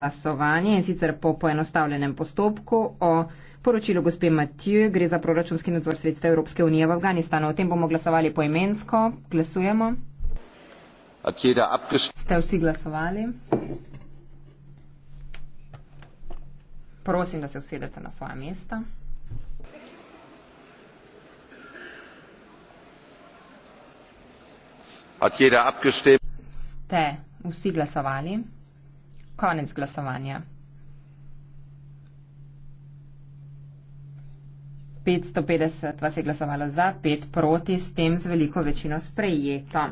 glasovanje in sicer po poenostavljenem postopku o poročilu gospe Matiju. Gre za proračunski nadzor sredstev Evropske unije v Afganistanu. O tem bomo glasovali poimensko. Glasujemo. Ste vsi glasovali? Prosim, da se usedete na svoje mesto. Ste vsi glasovali? Konec glasovanja. 550 vas je glasovalo za, 5 proti, s tem z veliko večino sprejeto.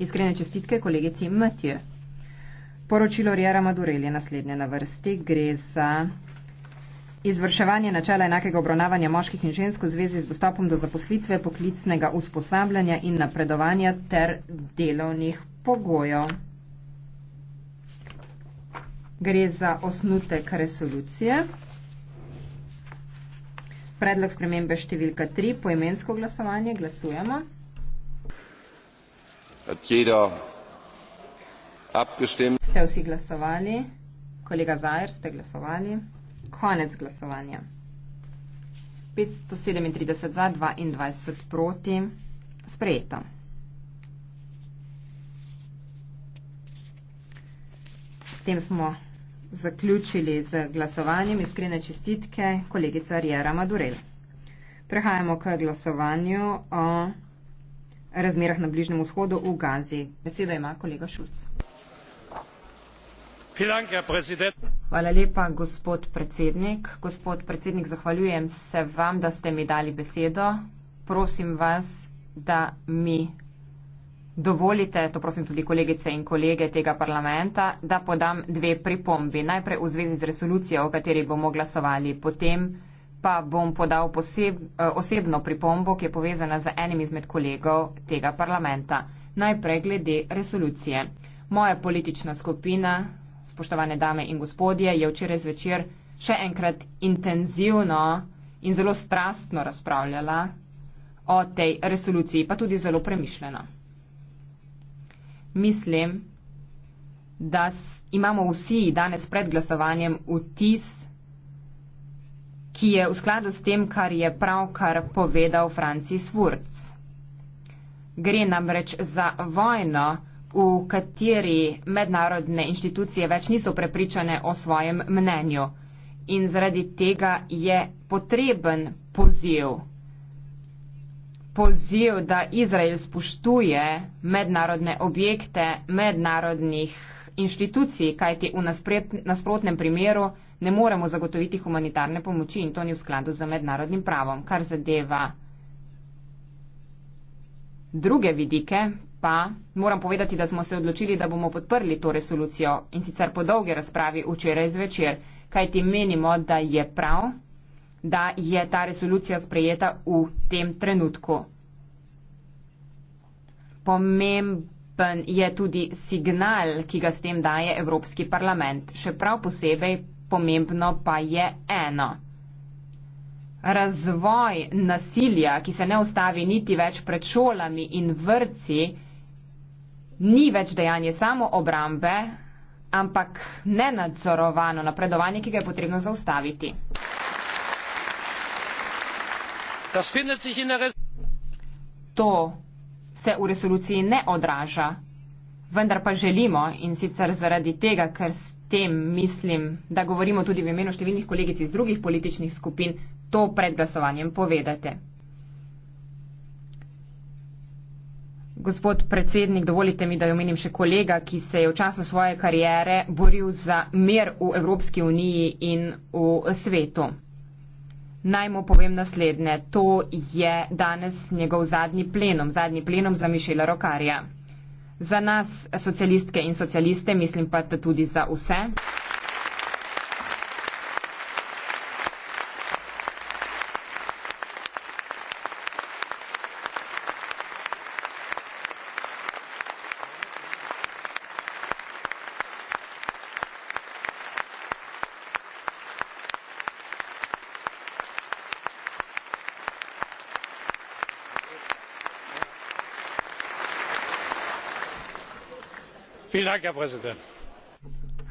Iskrene čestitke kolegici Matje. Poročilo Rjera Madurel je naslednje na vrsti. Gre za izvrševanje načela enakega obravnavanja moških in žensk v zvezi z dostopom do zaposlitve, poklicnega usposabljanja in napredovanja ter delovnih pogojev gre za osnutek resolucije. Predlog spremembe številka 3, poimensko glasovanje, glasujemo. Ste vsi glasovali? Kolega Zajer, ste glasovali? Konec glasovanja. 537 za, 22 proti. Sprejeto. S tem smo zaključili z glasovanjem. Iskrene čestitke, kolegica Rijera Madurel. Prehajamo k glasovanju o razmerah na Bližnjem vzhodu v Gazi. Besedo ima kolega Šulc. Hvala lepa, gospod predsednik. Gospod predsednik, zahvaljujem se vam, da ste mi dali besedo. Prosim vas, da mi dovolite, to prosim tudi kolegice in kolege tega parlamenta, da podam dve pripombi. Najprej v zvezi z resolucijo, o kateri bomo glasovali, potem pa bom podal poseb, eh, osebno pripombo, ki je povezana z enim izmed kolegov tega parlamenta. Najprej glede resolucije. Moja politična skupina, spoštovane dame in gospodje, je včeraj zvečer še enkrat intenzivno in zelo strastno razpravljala o tej resoluciji, pa tudi zelo premišljeno. Mislim, da imamo vsi danes pred glasovanjem vtis, ki je v skladu s tem, kar je pravkar povedal Francis Wurz. Gre namreč za vojno, v kateri mednarodne inštitucije več niso prepričane o svojem mnenju in zaradi tega je potreben poziv poziv, da Izrael spoštuje mednarodne objekte, mednarodnih inštitucij, kajti v nasprot, nasprotnem primeru ne moremo zagotoviti humanitarne pomoči in to ni v skladu z mednarodnim pravom. Kar zadeva druge vidike, pa moram povedati, da smo se odločili, da bomo podprli to resolucijo in sicer po dolgi razpravi včeraj zvečer, kajti menimo, da je prav, da je ta resolucija sprejeta v tem trenutku. Pomemben je tudi signal, ki ga s tem daje Evropski parlament. Še prav posebej pomembno pa je eno. Razvoj nasilja, ki se ne ustavi niti več pred šolami in vrci, ni več dejanje samo obrambe, ampak nenadzorovano napredovanje, ki ga je potrebno zaustaviti. To se v resoluciji ne odraža, vendar pa želimo in sicer zaradi tega, ker s tem mislim, da govorimo tudi v imenu številnih kolegic iz drugih političnih skupin, to pred glasovanjem povedate. Gospod predsednik, dovolite mi, da jo menim še kolega, ki se je v času svoje karijere boril za mir v Evropski uniji in v svetu. Naj mu povem naslednje, to je danes njegov zadnji plenum, zadnji plenum za Mišela Rokarja. Za nas, socialistke in socialiste, mislim pa tudi za vse.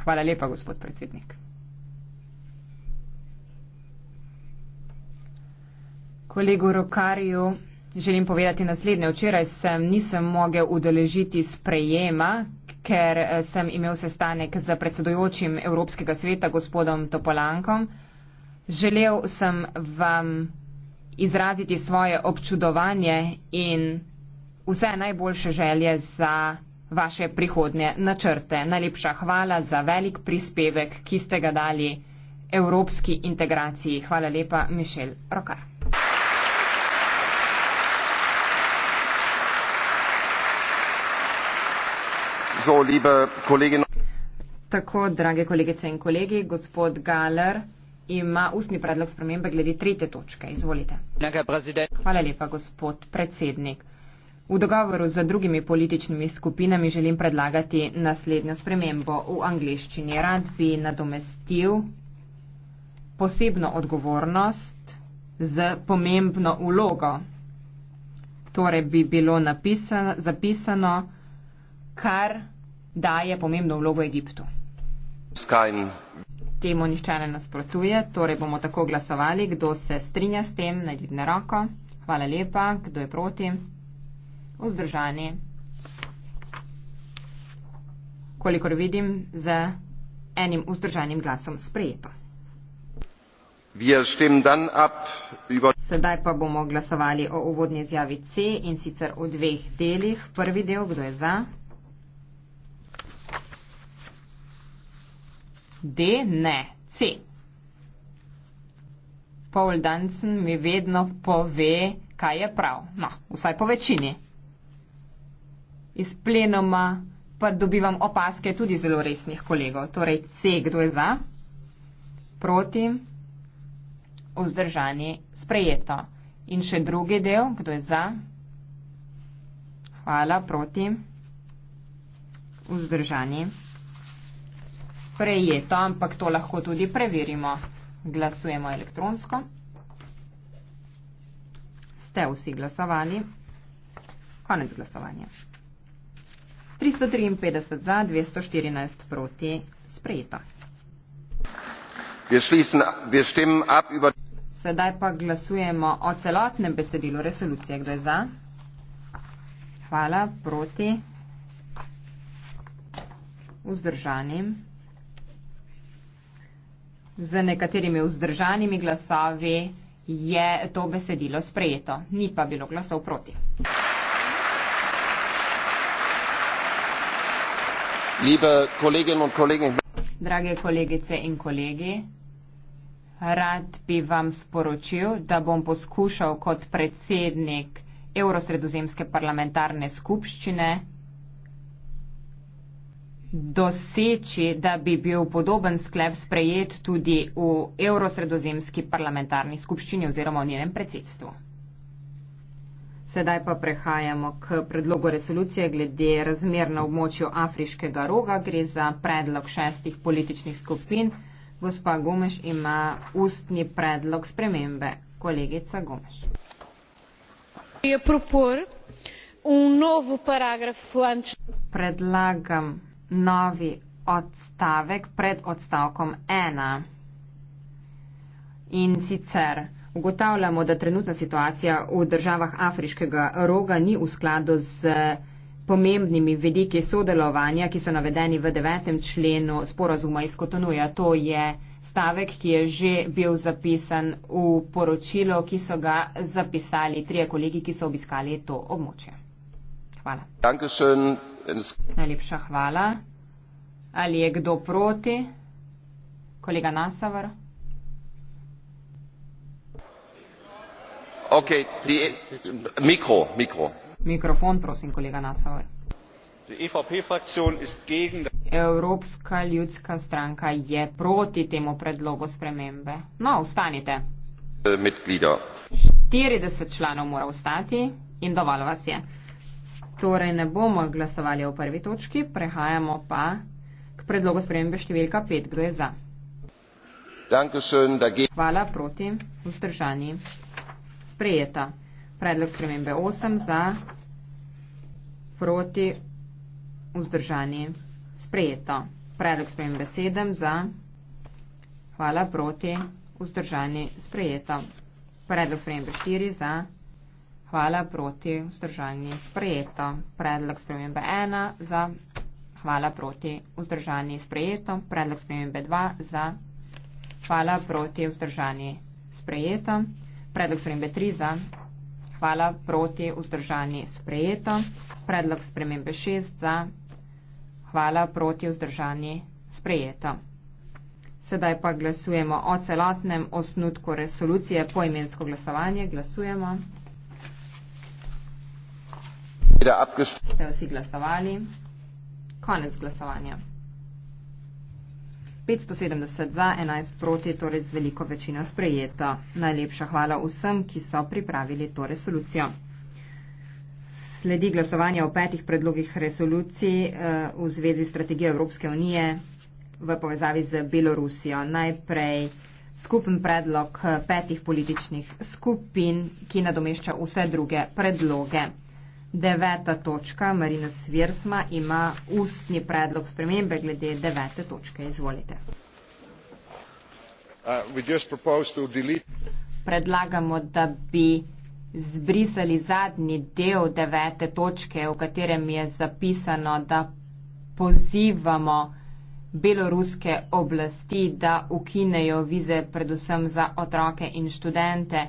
Hvala lepa, gospod predsednik. Kolegu Rokarju želim povedati naslednje. Včeraj sem nisem mogel udeležiti sprejema, ker eh, sem imel sestanek z predsedujočim Evropskega sveta, gospodom Topolankom. Želel sem vam izraziti svoje občudovanje in vse najboljše želje za vaše prihodne načrte. Najlepša hvala za velik prispevek, ki ste ga dali evropski integraciji. Hvala lepa, Mišel Rokar. So, liebe kolegin... Tako, drage kolegice in kolegi, gospod Galer ima ustni predlog spremembe glede trete točke. Izvolite. Hvala lepa, gospod predsednik. V dogovoru z drugimi političnimi skupinami želim predlagati naslednjo spremembo. V angliščini rad bi nadomestil posebno odgovornost z pomembno ulogo. Torej bi bilo napisano, zapisano, kar daje pomembno vlogo Egiptu. Skajn. Temu nišče ne nasprotuje, torej bomo tako glasovali, kdo se strinja s tem, naj dvigne roko. Hvala lepa, kdo je proti vzdržani. Kolikor vidim, z enim vzdržanim glasom sprejeto. Sedaj pa bomo glasovali o uvodni izjavi C in sicer v dveh delih. Prvi del, kdo je za? D, ne, C. Paul Danson mi vedno pove, kaj je prav. No, vsaj po večini iz plenoma, pa dobivam opaske tudi zelo resnih kolegov. Torej, C, kdo je za, proti, vzdržani, sprejeto. In še drugi del, kdo je za, hvala, proti, vzdržani, sprejeto, ampak to lahko tudi preverimo. Glasujemo elektronsko. Ste vsi glasovali? Konec glasovanja. 353 za, 214 proti sprejeta. Wir wir ab über... Sedaj pa glasujemo o celotnem besedilu resolucije. Kdo je za? Hvala. Proti? Vzdržanim? Z nekaterimi vzdržanimi glasovi je to besedilo sprejeto. Ni pa bilo glasov proti. Drage kolegice in kolegi, rad bi vam sporočil, da bom poskušal kot predsednik Evrosredozemske parlamentarne skupščine doseči, da bi bil podoben sklep sprejet tudi v Evrosredozemski parlamentarni skupščini oziroma v njenem predsedstvu. Sedaj pa prehajamo k predlogu resolucije glede razmer na območju afriškega roga. Gre za predlog šestih političnih skupin. Gospa Gomeš ima ustni predlog spremembe. Kolegica Gomeš. Um Predlagam novi odstavek pred odstavkom ena. In sicer ugotavljamo, da trenutna situacija v državah afriškega roga ni v skladu z pomembnimi vidiki sodelovanja, ki so navedeni v devetem členu sporazuma iz Kotonuja. To je stavek, ki je že bil zapisan v poročilo, ki so ga zapisali trije kolegi, ki so obiskali to območje. Hvala. Dankeschön. Najlepša hvala. Ali je kdo proti? Kolega Nasavar. Mikrofon, prosim, kolega Nasauer. E Evropska ljudska stranka je proti temu predlogu spremembe. No, ustanite. 40 e, članov mora ustati in dovolj vas je. Torej ne bomo glasovali o prvi točki, prehajamo pa k predlogu spremembe številka 5. Kdo je za? Hvala proti vzdržanju sprejeta. Predlog spremembe 8 za proti vzdržani sprejeto. Predlog spremembe 7 za hvala proti vzdržani sprejeto. Predlog spremembe 4 za hvala proti vzdržani sprejeto. Predlog spremembe 1 za hvala proti vzdržani sprejeto. Predlog spremembe 2 za hvala proti vzdržani sprejeto. Predlog spremembe 3 za. Hvala. Proti. Vzdržani. Sprejeto. Predlog spremembe 6 za. Hvala. Proti. Vzdržani. Sprejeto. Sedaj pa glasujemo o celotnem osnutku resolucije po imensko glasovanje. Glasujemo. Ste vsi glasovali? Konec glasovanja. 570 za, 11 proti, torej z veliko večino sprejeta. Najlepša hvala vsem, ki so pripravili to resolucijo. Sledi glasovanje o petih predlogih resolucij eh, v zvezi s strategijo Evropske unije v povezavi z Belorusijo. Najprej skupen predlog eh, petih političnih skupin, ki nadomešča vse druge predloge deveta točka, Marina Svirsma ima ustni predlog spremembe glede devete točke. Izvolite. Uh, Predlagamo, da bi zbrisali zadnji del devete točke, v katerem je zapisano, da pozivamo beloruske oblasti, da ukinejo vize predvsem za otroke in študente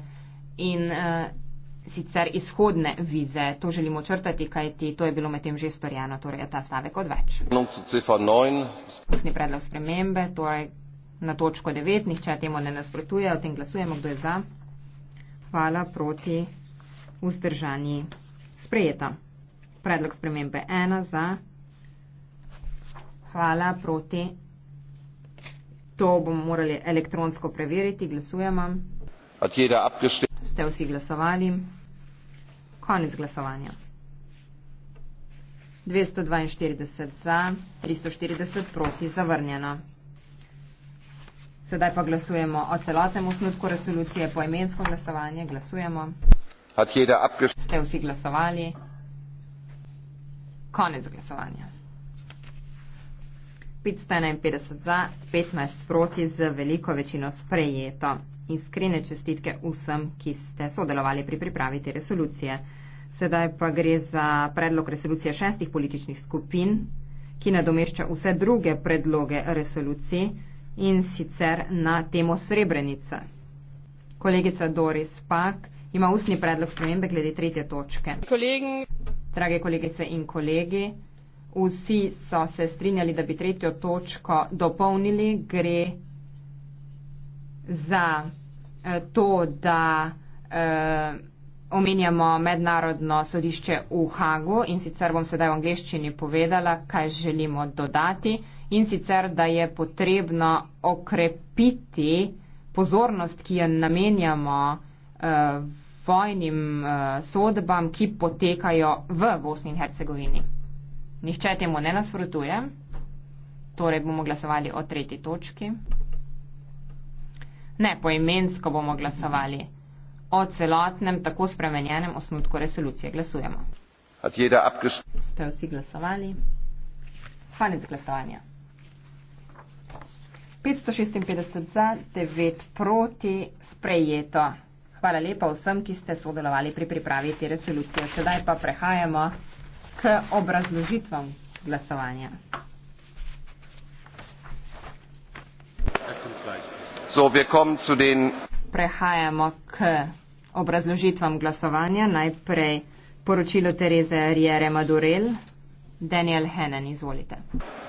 in uh, sicer izhodne vize. To želimo črtati, kajti to je bilo medtem že storjeno, torej je ta stavek odveč. Pustni predlog spremembe, torej na točko 9, nihče temu ne nasprotuje, o tem glasujemo, kdo je za. Hvala proti vzdržani sprejeta. Predlog spremembe 1 za. Hvala proti. To bomo morali elektronsko preveriti, glasujemo. Od jeda upgrade. Ste vsi glasovali? Konec glasovanja. 242 za, 340 proti, zavrnjeno. Sedaj pa glasujemo o celotnem usnutku resolucije po imensko glasovanje. Glasujemo. Ste vsi glasovali? Konec glasovanja. 551 za, 15 proti, z veliko večino sprejeto iskrene čestitke vsem, ki ste sodelovali pri pripravi te resolucije. Sedaj pa gre za predlog resolucije šestih političnih skupin, ki nadomešča vse druge predloge resolucij in sicer na temo Srebrenica. Kolegica Doris Pak ima ustni predlog spremembe glede tretje točke. Kolegi. Drage kolegice in kolegi, vsi so se strinjali, da bi tretjo točko dopolnili, gre za eh, to, da eh, omenjamo mednarodno sodišče v Hagu in sicer bom sedaj v angliščini povedala, kaj želimo dodati in sicer, da je potrebno okrepiti pozornost, ki jo namenjamo eh, vojnim sodbam, ki potekajo v Bosni in Hercegovini. Nihče temu ne nasprotuje, torej bomo glasovali o tretji točki ne poimensko bomo glasovali. O celotnem tako spremenjenem osnutku resolucije glasujemo. Ste vsi glasovali? Konec glasovanja. 556 za, 9 proti, sprejeto. Hvala lepa vsem, ki ste sodelovali pri pripravi te resolucije. Sedaj pa prehajamo k obrazložitvam glasovanja. Prehajamo k obrazložitvam glasovanja. Najprej poročilo Tereze Riere Madurel. Daniel Henen, izvolite.